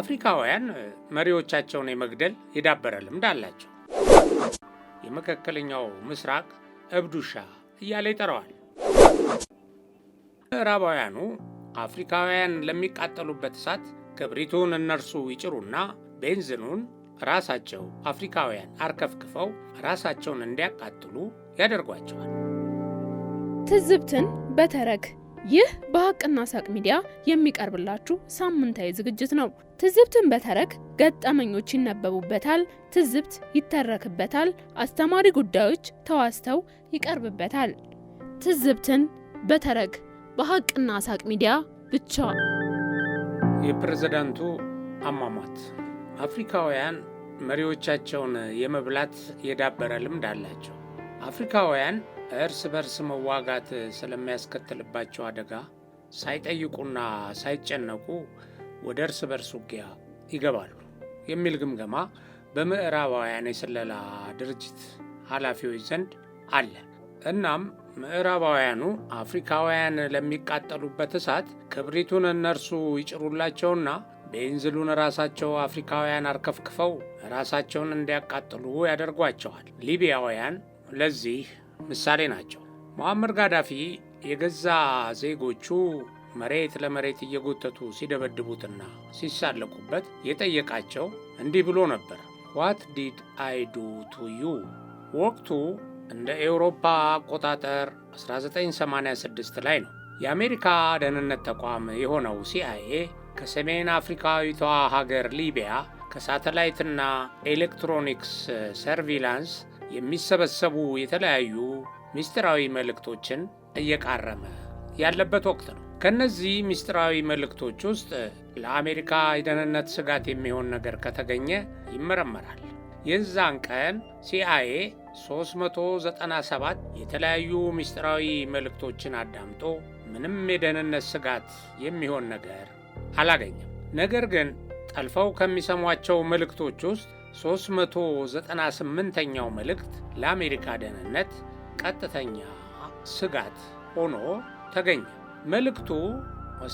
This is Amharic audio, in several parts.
አፍሪካውያን መሪዎቻቸውን የመግደል የዳበረ ልምድ አላቸው። የመካከለኛው ምስራቅ እብድ ውሻ እያለ ይጠራዋል። ምዕራባውያኑ አፍሪካውያን ለሚቃጠሉበት እሳት ክብሪቱን እነርሱ ይጭሩና ቤንዝኑን ራሳቸው አፍሪካውያን አርከፍክፈው ራሳቸውን እንዲያቃጥሉ ያደርጓቸዋል። ትዝብትን በተረክ ይህ በሀቅና ሳቅ ሚዲያ የሚቀርብላችሁ ሳምንታዊ ዝግጅት ነው። ትዝብትን በተረክ ገጠመኞች ይነበቡበታል፣ ትዝብት ይተረክበታል፣ አስተማሪ ጉዳዮች ተዋስተው ይቀርብበታል። ትዝብትን በተረክ በሀቅና ሳቅ ሚዲያ ብቻ። የፕሬዝዳንቱ አሟሟት አፍሪካውያን መሪዎቻቸውን የመብላት የዳበረ ልምድ አላቸው። አፍሪካውያን እርስ በርስ መዋጋት ስለሚያስከትልባቸው አደጋ ሳይጠይቁና ሳይጨነቁ ወደ እርስ በርስ ውጊያ ይገባሉ የሚል ግምገማ በምዕራባውያን የስለላ ድርጅት ኃላፊዎች ዘንድ አለ። እናም ምዕራባውያኑ አፍሪካውያን ለሚቃጠሉበት እሳት ክብሪቱን እነርሱ ይጭሩላቸውና ቤንዝሉን ራሳቸው አፍሪካውያን አርከፍክፈው ራሳቸውን እንዲያቃጥሉ ያደርጓቸዋል። ሊቢያውያን ለዚህ ምሳሌ ናቸው። ሞሐመር ጋዳፊ የገዛ ዜጎቹ መሬት ለመሬት እየጎተቱ ሲደበድቡትና ሲሳለቁበት የጠየቃቸው እንዲህ ብሎ ነበር፣ ዋት ዲድ አይ ዱ ቱ ዩ። ወቅቱ እንደ ኤውሮፓ አቆጣጠር 1986 ላይ ነው። የአሜሪካ ደህንነት ተቋም የሆነው ሲአይኤ ከሰሜን አፍሪካዊቷ ሀገር ሊቢያ ከሳተላይትና ኤሌክትሮኒክስ ሰርቪላንስ የሚሰበሰቡ የተለያዩ ምስጢራዊ መልእክቶችን እየቃረመ ያለበት ወቅት ነው። ከእነዚህ ምስጢራዊ መልእክቶች ውስጥ ለአሜሪካ የደህንነት ስጋት የሚሆን ነገር ከተገኘ ይመረመራል። የዛን ቀን ሲአይኤ 397 የተለያዩ ምስጢራዊ መልእክቶችን አዳምጦ ምንም የደህንነት ስጋት የሚሆን ነገር አላገኘም። ነገር ግን ጠልፈው ከሚሰሟቸው መልእክቶች ውስጥ 398ኛው መልእክት ለአሜሪካ ደህንነት ቀጥተኛ ስጋት ሆኖ ተገኘ። መልእክቱ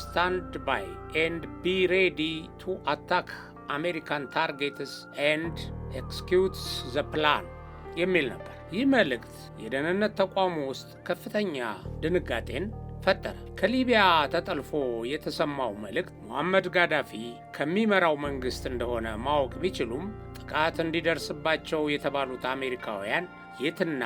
ስታንድ ባይ ኤንድ ቢ ሬዲ ቱ አታክ አሜሪካን ታርጌትስ ኤንድ ኤክስኪዩትስ ዘ ፕላን የሚል ነበር። ይህ መልእክት የደህንነት ተቋሙ ውስጥ ከፍተኛ ድንጋጤን ፈጠረ። ከሊቢያ ተጠልፎ የተሰማው መልእክት ሙሐመድ ጋዳፊ ከሚመራው መንግሥት እንደሆነ ማወቅ ቢችሉም ጥቃት እንዲደርስባቸው የተባሉት አሜሪካውያን የትና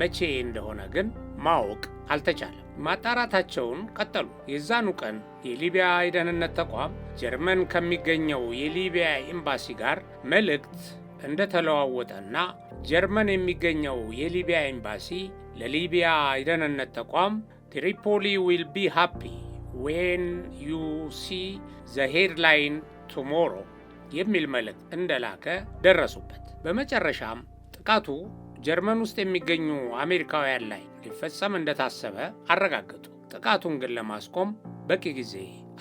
መቼ እንደሆነ ግን ማወቅ አልተቻለም። ማጣራታቸውን ቀጠሉ። የዛኑ ቀን የሊቢያ የደህንነት ተቋም ጀርመን ከሚገኘው የሊቢያ ኤምባሲ ጋር መልእክት እንደተለዋወጠና ጀርመን የሚገኘው የሊቢያ ኤምባሲ ለሊቢያ የደህንነት ተቋም ትሪፖሊ ዊል ቢ ሃፒ ዌን ዩ ሲ ዘ ሄድላይን ቱሞሮ የሚል መልእክት እንደላከ ደረሱበት። በመጨረሻም ጥቃቱ ጀርመን ውስጥ የሚገኙ አሜሪካውያን ላይ ሊፈጸም እንደታሰበ አረጋገጡ። ጥቃቱን ግን ለማስቆም በቂ ጊዜ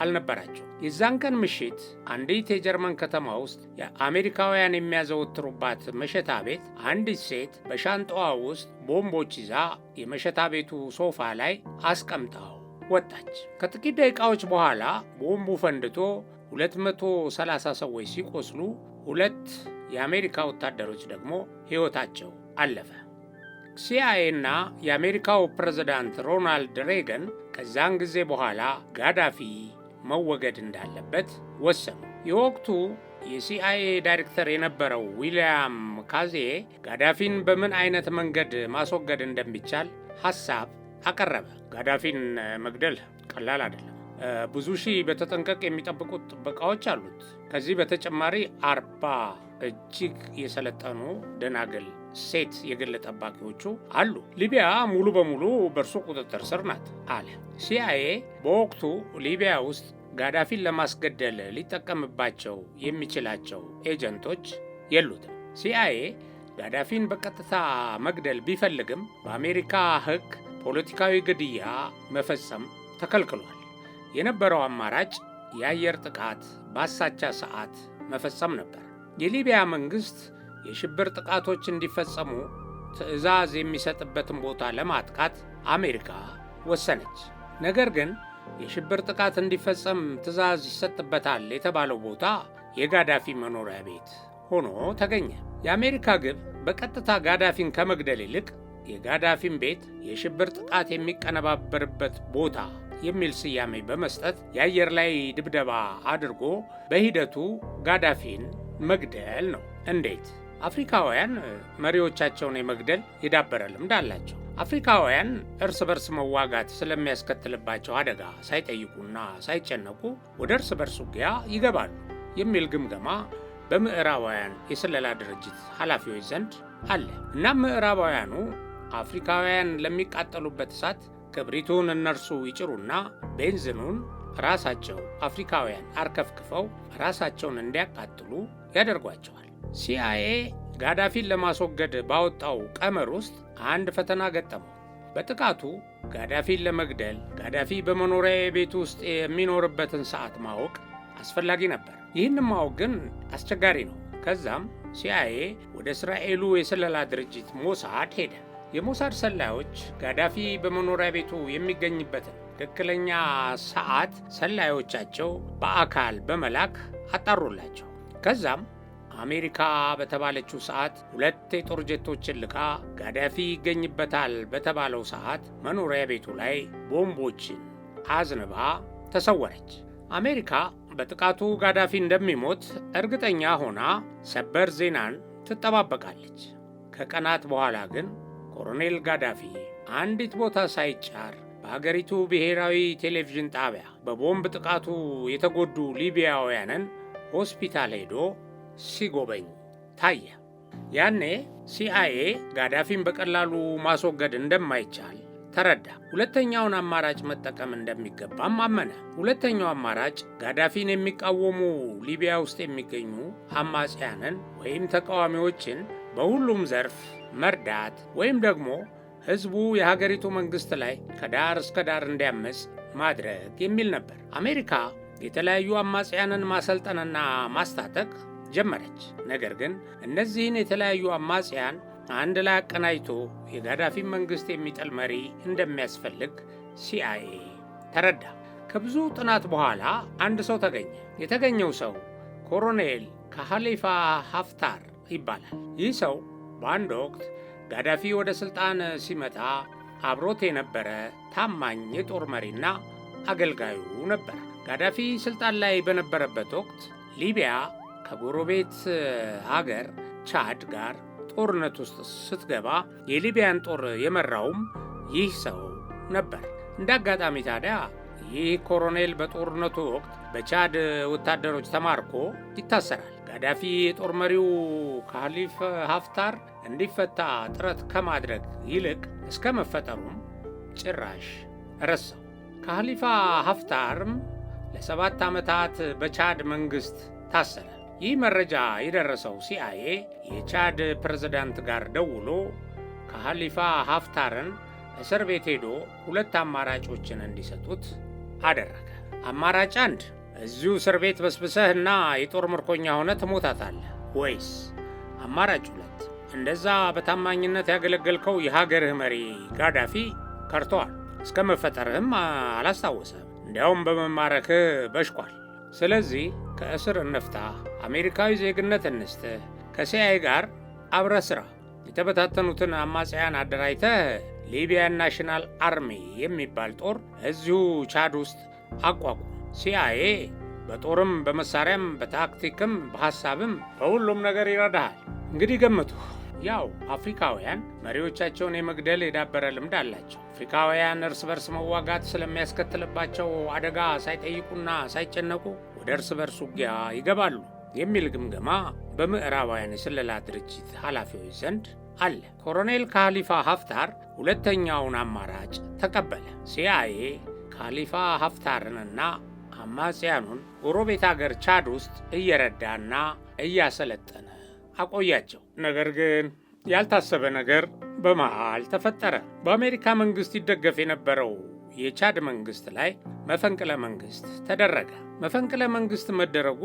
አልነበራቸው። የዛን ቀን ምሽት አንዲት የጀርመን ከተማ ውስጥ የአሜሪካውያን የሚያዘወትሩባት መሸታ ቤት አንዲት ሴት በሻንጣዋ ውስጥ ቦምቦች ይዛ የመሸታ ቤቱ ሶፋ ላይ አስቀምጣው ወጣች። ከጥቂት ደቂቃዎች በኋላ ቦምቡ ፈንድቶ 230 ሰዎች ሲቆስሉ ሁለት የአሜሪካ ወታደሮች ደግሞ ሕይወታቸው አለፈ። እና የአሜሪካው ፕሬዝዳንት ሮናልድ ሬገን ከዛን ጊዜ በኋላ ጋዳፊ መወገድ እንዳለበት ወሰኑ። የወቅቱ የሲአይኤ ዳይሬክተር የነበረው ዊልያም ካዜ ጋዳፊን በምን አይነት መንገድ ማስወገድ እንደሚቻል ሐሳብ አቀረበ። ጋዳፊን መግደል ቀላል አይደለም። ብዙ ሺህ በተጠንቀቅ የሚጠብቁት ጥበቃዎች አሉት። ከዚህ በተጨማሪ አርባ እጅግ የሰለጠኑ ደናግል ሴት የግል ጠባቂዎቹ አሉ። ሊቢያ ሙሉ በሙሉ በእርሱ ቁጥጥር ስር ናት አለ። ሲአይኤ በወቅቱ ሊቢያ ውስጥ ጋዳፊን ለማስገደል ሊጠቀምባቸው የሚችላቸው ኤጀንቶች የሉትም። ሲአይኤ ጋዳፊን በቀጥታ መግደል ቢፈልግም በአሜሪካ ሕግ ፖለቲካዊ ግድያ መፈጸም ተከልክሏል። የነበረው አማራጭ የአየር ጥቃት በአሳቻ ሰዓት መፈጸም ነበር። የሊቢያ መንግሥት የሽብር ጥቃቶች እንዲፈጸሙ ትዕዛዝ የሚሰጥበትን ቦታ ለማጥቃት አሜሪካ ወሰነች። ነገር ግን የሽብር ጥቃት እንዲፈጸም ትዕዛዝ ይሰጥበታል የተባለው ቦታ የጋዳፊ መኖሪያ ቤት ሆኖ ተገኘ። የአሜሪካ ግብ በቀጥታ ጋዳፊን ከመግደል ይልቅ የጋዳፊን ቤት የሽብር ጥቃት የሚቀነባበርበት ቦታ የሚል ስያሜ በመስጠት የአየር ላይ ድብደባ አድርጎ በሂደቱ ጋዳፊን መግደል ነው። እንዴት? አፍሪካውያን መሪዎቻቸውን የመግደል የዳበረ ልምድ አላቸው። አፍሪካውያን እርስ በርስ መዋጋት ስለሚያስከትልባቸው አደጋ ሳይጠይቁና ሳይጨነቁ ወደ እርስ በርስ ውጊያ ይገባሉ የሚል ግምገማ በምዕራባውያን የስለላ ድርጅት ኃላፊዎች ዘንድ አለ። እናም ምዕራባውያኑ አፍሪካውያን ለሚቃጠሉበት እሳት ክብሪቱን እነርሱ ይጭሩና ቤንዝኑን ራሳቸው አፍሪካውያን አርከፍክፈው ራሳቸውን እንዲያቃጥሉ ያደርጓቸዋል። ሲአይኤ ጋዳፊን ለማስወገድ ባወጣው ቀመር ውስጥ አንድ ፈተና ገጠመው። በጥቃቱ ጋዳፊን ለመግደል ጋዳፊ በመኖሪያ ቤት ውስጥ የሚኖርበትን ሰዓት ማወቅ አስፈላጊ ነበር። ይህን ማወቅ ግን አስቸጋሪ ነው። ከዛም ሲአይኤ ወደ እስራኤሉ የስለላ ድርጅት ሞሳድ ሄደ። የሞሳድ ሰላዮች ጋዳፊ በመኖሪያ ቤቱ የሚገኝበትን ትክክለኛ ሰዓት ሰላዮቻቸው በአካል በመላክ አጣሩላቸው። ከዛም አሜሪካ በተባለችው ሰዓት ሁለት የጦር ጀቶችን ልካ ጋዳፊ ይገኝበታል በተባለው ሰዓት መኖሪያ ቤቱ ላይ ቦምቦችን አዝንባ ተሰወረች። አሜሪካ በጥቃቱ ጋዳፊ እንደሚሞት እርግጠኛ ሆና ሰበር ዜናን ትጠባበቃለች። ከቀናት በኋላ ግን ኮሎኔል ጋዳፊ አንዲት ቦታ ሳይጫር በሀገሪቱ ብሔራዊ ቴሌቪዥን ጣቢያ በቦምብ ጥቃቱ የተጎዱ ሊቢያውያንን ሆስፒታል ሄዶ ሲጎበኝ ታየ። ያኔ ሲአይኤ ጋዳፊን በቀላሉ ማስወገድ እንደማይቻል ተረዳ። ሁለተኛውን አማራጭ መጠቀም እንደሚገባም አመነ። ሁለተኛው አማራጭ ጋዳፊን የሚቃወሙ ሊቢያ ውስጥ የሚገኙ አማጽያንን ወይም ተቃዋሚዎችን በሁሉም ዘርፍ መርዳት ወይም ደግሞ ህዝቡ የሀገሪቱ መንግሥት ላይ ከዳር እስከ ዳር እንዲያመፅ ማድረግ የሚል ነበር። አሜሪካ የተለያዩ አማጽያንን ማሰልጠንና ማስታጠቅ ጀመረች። ነገር ግን እነዚህን የተለያዩ አማጽያን አንድ ላይ አቀናጅቶ የጋዳፊን መንግሥት የሚጠል መሪ እንደሚያስፈልግ ሲአይኤ ተረዳ። ከብዙ ጥናት በኋላ አንድ ሰው ተገኘ። የተገኘው ሰው ኮሎኔል ካህሊፋ ሀፍታር ይባላል። ይህ ሰው በአንድ ወቅት ጋዳፊ ወደ ሥልጣን ሲመጣ አብሮት የነበረ ታማኝ የጦር መሪና አገልጋዩ ነበር። ጋዳፊ ሥልጣን ላይ በነበረበት ወቅት ሊቢያ ከጎረቤት አገር ቻድ ጋር ጦርነት ውስጥ ስትገባ የሊቢያን ጦር የመራውም ይህ ሰው ነበር። እንደ አጋጣሚ ታዲያ ይህ ኮሎኔል በጦርነቱ ወቅት በቻድ ወታደሮች ተማርኮ ይታሰራል። ጋዳፊ የጦር መሪው ካሊፍ ሀፍታር እንዲፈታ ጥረት ከማድረግ ይልቅ እስከ መፈጠሩም ጭራሽ ረሳው። ካሊፋ ሀፍታርም ለሰባት ዓመታት በቻድ መንግሥት ታሰረ። ይህ መረጃ የደረሰው ሲአይኤ የቻድ ፕሬዝዳንት ጋር ደውሎ ካሊፋ ሀፍታርን እስር ቤት ሄዶ ሁለት አማራጮችን እንዲሰጡት አደረገ። አማራጭ አንድ እዚሁ እስር ቤት በስብሰህና የጦር ምርኮኛ ሆነ ትሞታታለህ ወይስ አማራጭ ሁለት እንደዛ በታማኝነት ያገለገልከው የሀገርህ መሪ ጋዳፊ ከርተዋል። እስከ መፈጠርህም አላስታወሰም። እንዲያውም በመማረክህ በሽቋል። ስለዚህ ከእስር እነፍታ፣ አሜሪካዊ ዜግነት እንስትህ፣ ከሲአይ ጋር አብረ ስራ፣ የተበታተኑትን አማጽያን አደራጅተህ ሊቢያን ናሽናል አርሚ የሚባል ጦር እዚሁ ቻድ ውስጥ አቋቁ ሲአይኤ በጦርም በመሳሪያም በታክቲክም በሐሳብም በሁሉም ነገር ይረዳሃል። እንግዲህ ገምቱ። ያው አፍሪካውያን መሪዎቻቸውን የመግደል የዳበረ ልምድ አላቸው። አፍሪካውያን እርስ በርስ መዋጋት ስለሚያስከትልባቸው አደጋ ሳይጠይቁና ሳይጨነቁ ወደ እርስ በርስ ውጊያ ይገባሉ የሚል ግምገማ በምዕራባውያን የስለላ ድርጅት ኃላፊዎች ዘንድ አለ። ኮሎኔል ካሊፋ ሀፍታር ሁለተኛውን አማራጭ ተቀበለ። ሲአይኤ ካሊፋ ሀፍታርንና አማጽያኑን ጎረቤት አገር ቻድ ውስጥ እየረዳና እያሰለጠነ አቆያቸው። ነገር ግን ያልታሰበ ነገር በመሃል ተፈጠረ። በአሜሪካ መንግስት ይደገፍ የነበረው የቻድ መንግስት ላይ መፈንቅለ መንግስት ተደረገ። መፈንቅለ መንግስት መደረጉ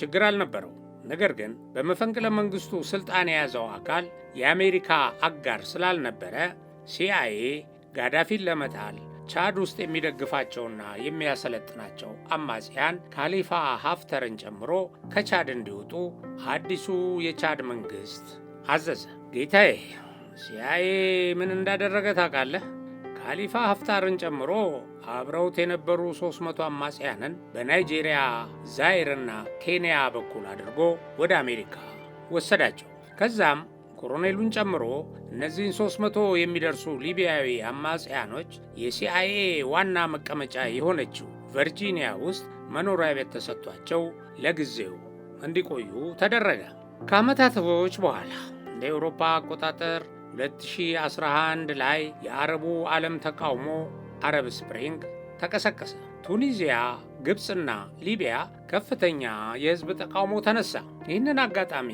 ችግር አልነበረው። ነገር ግን በመፈንቅለ መንግስቱ ስልጣን የያዘው አካል የአሜሪካ አጋር ስላልነበረ ሲአይኤ ጋዳፊን ለመጣል ቻድ ውስጥ የሚደግፋቸውና የሚያሰለጥናቸው አማጽያን ካሊፋ ሀፍተርን ጨምሮ ከቻድ እንዲወጡ አዲሱ የቻድ መንግሥት አዘዘ። ጌታዬ ሲያዬ ምን እንዳደረገ ታውቃለህ? ካሊፋ ሀፍታርን ጨምሮ አብረውት የነበሩ 300 አማጽያንን በናይጄሪያ ዛይርና ኬንያ በኩል አድርጎ ወደ አሜሪካ ወሰዳቸው። ከዛም ኮሎኔሉን ጨምሮ እነዚህን 300 የሚደርሱ ሊቢያዊ አማጽያኖች የሲአይኤ ዋና መቀመጫ የሆነችው ቨርጂኒያ ውስጥ መኖሪያ ቤት ተሰጥቷቸው ለጊዜው እንዲቆዩ ተደረገ። ከዓመታቶች በኋላ እንደ አውሮፓ አቆጣጠር 2011 ላይ የአረቡ ዓለም ተቃውሞ አረብ ስፕሪንግ ተቀሰቀሰ። ቱኒዚያ፣ ግብፅና ሊቢያ ከፍተኛ የሕዝብ ተቃውሞ ተነሳ። ይህንን አጋጣሚ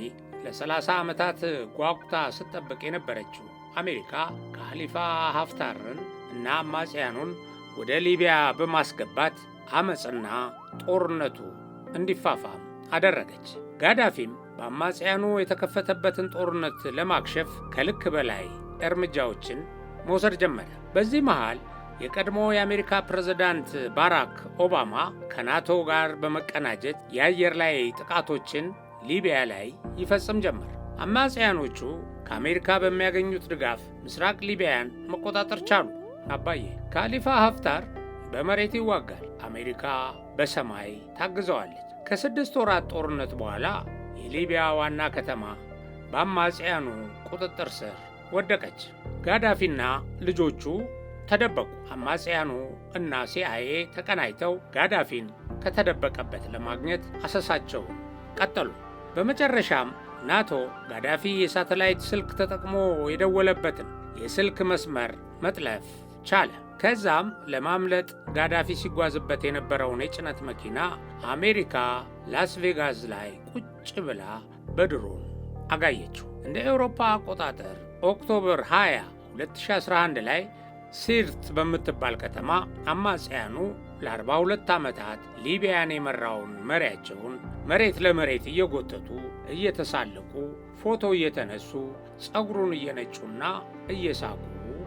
ለ30 ዓመታት ጓጉታ ስትጠብቅ የነበረችው አሜሪካ ካሊፋ ሀፍታርን እና አማጽያኑን ወደ ሊቢያ በማስገባት አመፅና ጦርነቱ እንዲፋፋም አደረገች። ጋዳፊም በአማጽያኑ የተከፈተበትን ጦርነት ለማክሸፍ ከልክ በላይ እርምጃዎችን መውሰድ ጀመረ። በዚህ መሃል የቀድሞ የአሜሪካ ፕሬዝዳንት ባራክ ኦባማ ከናቶ ጋር በመቀናጀት የአየር ላይ ጥቃቶችን ሊቢያ ላይ ይፈጽም ጀመር። አማጽያኖቹ ከአሜሪካ በሚያገኙት ድጋፍ ምስራቅ ሊቢያን መቆጣጠር ቻሉ። አባዬ ካሊፋ ሀፍታር በመሬት ይዋጋል፣ አሜሪካ በሰማይ ታግዘዋለች። ከስድስት ወራት ጦርነት በኋላ የሊቢያ ዋና ከተማ በአማጽያኑ ቁጥጥር ስር ወደቀች። ጋዳፊና ልጆቹ ተደበቁ። አማጽያኑ እና ሲአይኤ ተቀናይተው ጋዳፊን ከተደበቀበት ለማግኘት አሰሳቸውን ቀጠሉ። በመጨረሻም ናቶ ጋዳፊ የሳተላይት ስልክ ተጠቅሞ የደወለበትን የስልክ መስመር መጥለፍ ቻለ። ከዛም ለማምለጥ ጋዳፊ ሲጓዝበት የነበረውን የጭነት መኪና አሜሪካ ላስ ቬጋስ ላይ ቁጭ ብላ በድሮን አጋየችው። እንደ ኤውሮፓ አቆጣጠር ኦክቶበር 20 2011 ላይ ሲርት በምትባል ከተማ አማጽያኑ ለ42 ዓመታት ሊቢያን የመራውን መሪያቸውን መሬት ለመሬት እየጎተቱ እየተሳለቁ ፎቶ እየተነሱ ጸጉሩን እየነጩና እየሳቁ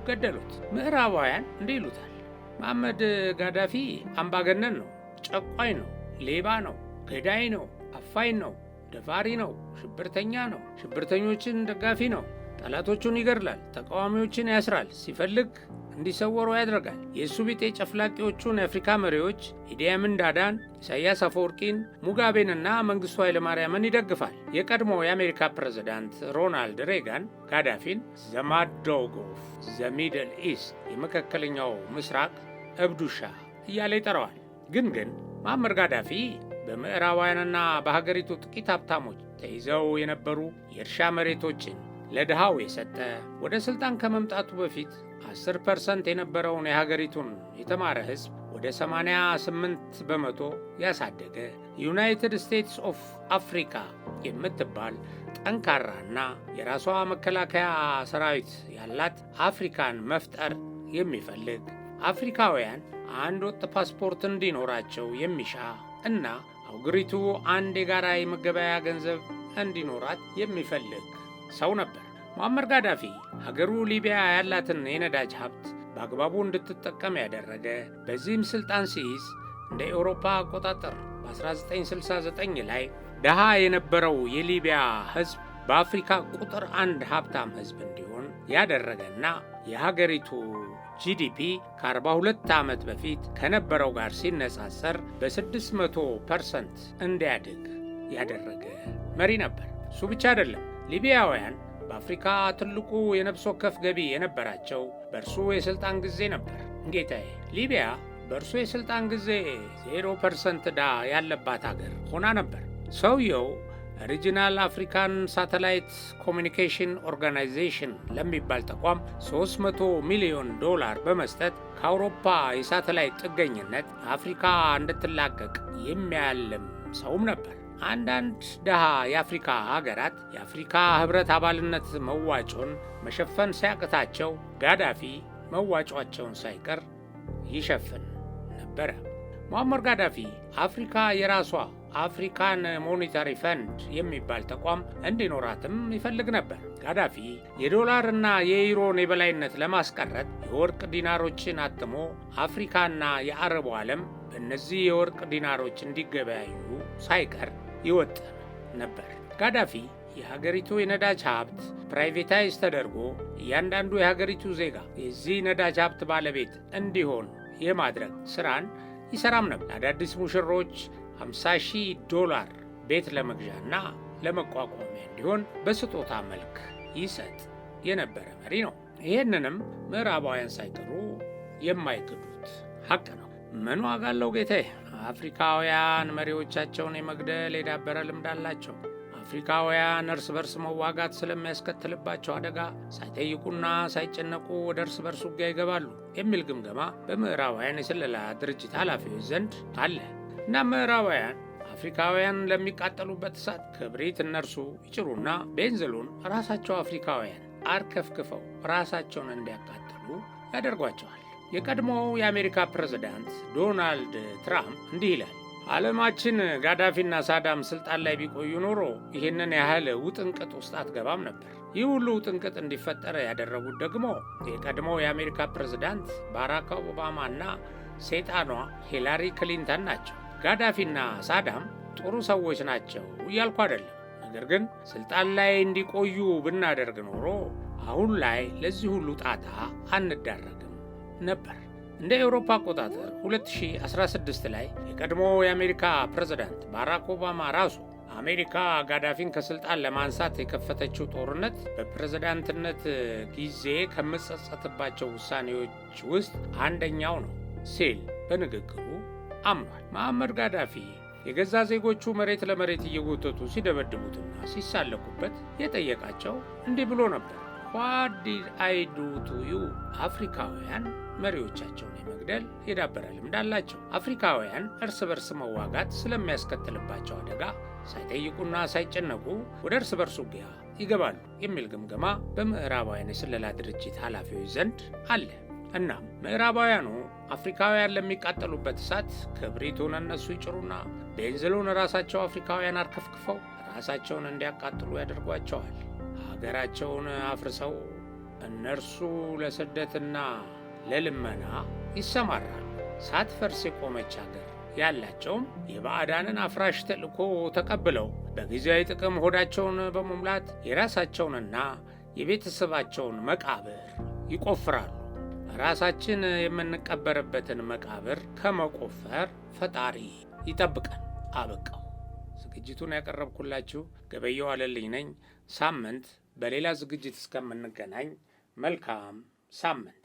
ገደሉት። ምዕራባውያን እንዲህ ይሉታል፣ መሐመድ ጋዳፊ አምባገነን ነው፣ ጨቋኝ ነው፣ ሌባ ነው፣ ገዳይ ነው፣ አፋኝ ነው፣ ደፋሪ ነው፣ ሽብርተኛ ነው፣ ሽብርተኞችን ደጋፊ ነው፣ ጠላቶቹን ይገድላል፣ ተቃዋሚዎችን ያስራል፣ ሲፈልግ እንዲሰወሩ ያደርጋል። የእሱ ቢጤ ጨፍላቂዎቹን የአፍሪካ መሪዎች ኢዲያምን ዳዳን፣ ኢሳያስ አፈወርቂን፣ ሙጋቤንና መንግሥቱ ኃይለማርያምን ይደግፋል። የቀድሞው የአሜሪካ ፕሬዝዳንት ሮናልድ ሬጋን ጋዳፊን ዘማዶጎፍ ዘሚድል ኢስት የመካከለኛው ምስራቅ እብዱሻ እያለ ይጠራዋል። ግን ግን ማመር ጋዳፊ በምዕራባውያንና በሀገሪቱ ጥቂት ሀብታሞች ተይዘው የነበሩ የእርሻ መሬቶችን ለድሃው የሰጠ ወደ ሥልጣን ከመምጣቱ በፊት 10 ፐርሰንት የነበረውን የሀገሪቱን የተማረ ሕዝብ ወደ 88 በመቶ ያሳደገ ዩናይትድ ስቴትስ ኦፍ አፍሪካ የምትባል ጠንካራና የራሷ መከላከያ ሰራዊት ያላት አፍሪካን መፍጠር የሚፈልግ አፍሪካውያን አንድ ወጥ ፓስፖርት እንዲኖራቸው የሚሻ እና አውግሪቱ አንድ የጋራ የመገበያያ ገንዘብ እንዲኖራት የሚፈልግ ሰው ነበር። ሙአመር ጋዳፊ ሀገሩ ሊቢያ ያላትን የነዳጅ ሀብት በአግባቡ እንድትጠቀም ያደረገ፣ በዚህም ስልጣን ሲይዝ እንደ ኤውሮፓ አቆጣጠር በ1969 ላይ ደሃ የነበረው የሊቢያ ህዝብ በአፍሪካ ቁጥር አንድ ሀብታም ህዝብ እንዲሆን ያደረገና የሀገሪቱ ጂዲፒ ከ42 ዓመት በፊት ከነበረው ጋር ሲነጻጸር በ600 ፐርሰንት እንዲያድግ ያደረገ መሪ ነበር። እሱ ብቻ አይደለም። ሊቢያውያን በአፍሪካ ትልቁ የነፍስ ወከፍ ገቢ የነበራቸው በእርሱ የሥልጣን ጊዜ ነበር። ጌታዬ፣ ሊቢያ በእርሱ የሥልጣን ጊዜ 0 ፐርሰንት ዕዳ ያለባት አገር ሆና ነበር። ሰውየው ሪጂናል አፍሪካን ሳተላይት ኮሚኒኬሽን ኦርጋናይዜሽን ለሚባል ተቋም 300 ሚሊዮን ዶላር በመስጠት ከአውሮፓ የሳተላይት ጥገኝነት አፍሪካ እንድትላቀቅ የሚያልም ሰውም ነበር። አንዳንድ ድሃ የአፍሪካ ሀገራት የአፍሪካ ህብረት አባልነት መዋጮን መሸፈን ሲያቅታቸው ጋዳፊ መዋጮአቸውን ሳይቀር ይሸፍን ነበረ። ሙአመር ጋዳፊ አፍሪካ የራሷ አፍሪካን ሞኔታሪ ፈንድ የሚባል ተቋም እንዲኖራትም ይፈልግ ነበር። ጋዳፊ የዶላርና የዩሮን የበላይነት ለማስቀረት የወርቅ ዲናሮችን አትሞ አፍሪካና የአረቡ ዓለም በእነዚህ የወርቅ ዲናሮች እንዲገበያዩ ሳይቀር ይወጥ ነበር። ጋዳፊ የሀገሪቱ የነዳጅ ሀብት ፕራይቬታይዝ ተደርጎ እያንዳንዱ የሀገሪቱ ዜጋ የዚህ ነዳጅ ሀብት ባለቤት እንዲሆን የማድረግ ስራን ይሰራም ነበር። ለአዳዲስ ሙሽሮች 50 ሺህ ዶላር ቤት ለመግዣና ለመቋቋሚያ እንዲሆን በስጦታ መልክ ይሰጥ የነበረ መሪ ነው። ይህንንም ምዕራባውያን ሳይቀሩ የማይክዱት ሀቅ ነው። ምን ዋጋ አለው ጌታዬ? አፍሪካውያን መሪዎቻቸውን የመግደል የዳበረ ልምድ አላቸው። አፍሪካውያን እርስ በርስ መዋጋት ስለሚያስከትልባቸው አደጋ ሳይጠይቁና ሳይጨነቁ ወደ እርስ በርስ ውጊያ ይገባሉ የሚል ግምገማ በምዕራባውያን የስለላ ድርጅት ኃላፊዎች ዘንድ አለ እና ምዕራባውያን አፍሪካውያን ለሚቃጠሉበት እሳት ክብሪት እነርሱ ይጭሩና ቤንዝሉን ራሳቸው አፍሪካውያን አርከፍክፈው ራሳቸውን እንዲያቃጥሉ ያደርጓቸዋል። የቀድሞው የአሜሪካ ፕሬዝዳንት ዶናልድ ትራምፕ እንዲህ ይላል። ዓለማችን ጋዳፊና ሳዳም ስልጣን ላይ ቢቆዩ ኖሮ ይህንን ያህል ውጥንቅጥ ውስጥ አትገባም ነበር። ይህ ሁሉ ውጥንቅጥ እንዲፈጠር ያደረጉት ደግሞ የቀድሞው የአሜሪካ ፕሬዝዳንት ባራክ ኦባማና ሴጣኗ ሂላሪ ክሊንተን ናቸው። ጋዳፊና ሳዳም ጥሩ ሰዎች ናቸው እያልኩ አይደለም። ነገር ግን ስልጣን ላይ እንዲቆዩ ብናደርግ ኖሮ አሁን ላይ ለዚህ ሁሉ ጣጣ አንዳረግም ነበር። እንደ ኤውሮፓ አቆጣጠር 2016 ላይ የቀድሞ የአሜሪካ ፕሬዝዳንት ባራክ ኦባማ ራሱ አሜሪካ ጋዳፊን ከስልጣን ለማንሳት የከፈተችው ጦርነት በፕሬዝዳንትነት ጊዜ ከምጸጸትባቸው ውሳኔዎች ውስጥ አንደኛው ነው ሲል በንግግሩ አምኗል። መሐመድ ጋዳፊ የገዛ ዜጎቹ መሬት ለመሬት እየጎተቱ ሲደበድቡትና ሲሳለቁበት የጠየቃቸው እንዲህ ብሎ ነበር። ዋት ዲድ አይ ዱ ቱ ዩ አፍሪካውያን መሪዎቻቸውን የመግደል የዳበረ ልምድ አላቸው። አፍሪካውያን እርስ በርስ መዋጋት ስለሚያስከትልባቸው አደጋ ሳይጠይቁና ሳይጨነቁ ወደ እርስ በርሱ ውጊያ ይገባሉ የሚል ግምገማ በምዕራባውያን የስለላ ድርጅት ኃላፊዎች ዘንድ አለ። እናም ምዕራባውያኑ አፍሪካውያን ለሚቃጠሉበት እሳት ክብሪቱን እነሱ ይጭሩና ቤንዝሉን ራሳቸው አፍሪካውያን አርከፍክፈው ራሳቸውን እንዲያቃጥሉ ያደርጓቸዋል። አገራቸውን አፍርሰው እነርሱ ለስደትና ለልመና ይሰማራል። ሳትፈርስ የቆመች አገር ያላቸውም የባዕዳንን አፍራሽ ተልእኮ ተቀብለው በጊዜያዊ ጥቅም ሆዳቸውን በመሙላት የራሳቸውንና የቤተሰባቸውን መቃብር ይቆፍራሉ። ራሳችን የምንቀበርበትን መቃብር ከመቆፈር ፈጣሪ ይጠብቀን። አበቃው። ዝግጅቱን ያቀረብኩላችሁ ገበየው አለልኝ ነኝ። ሳምንት በሌላ ዝግጅት እስከምንገናኝ መልካም ሳምንት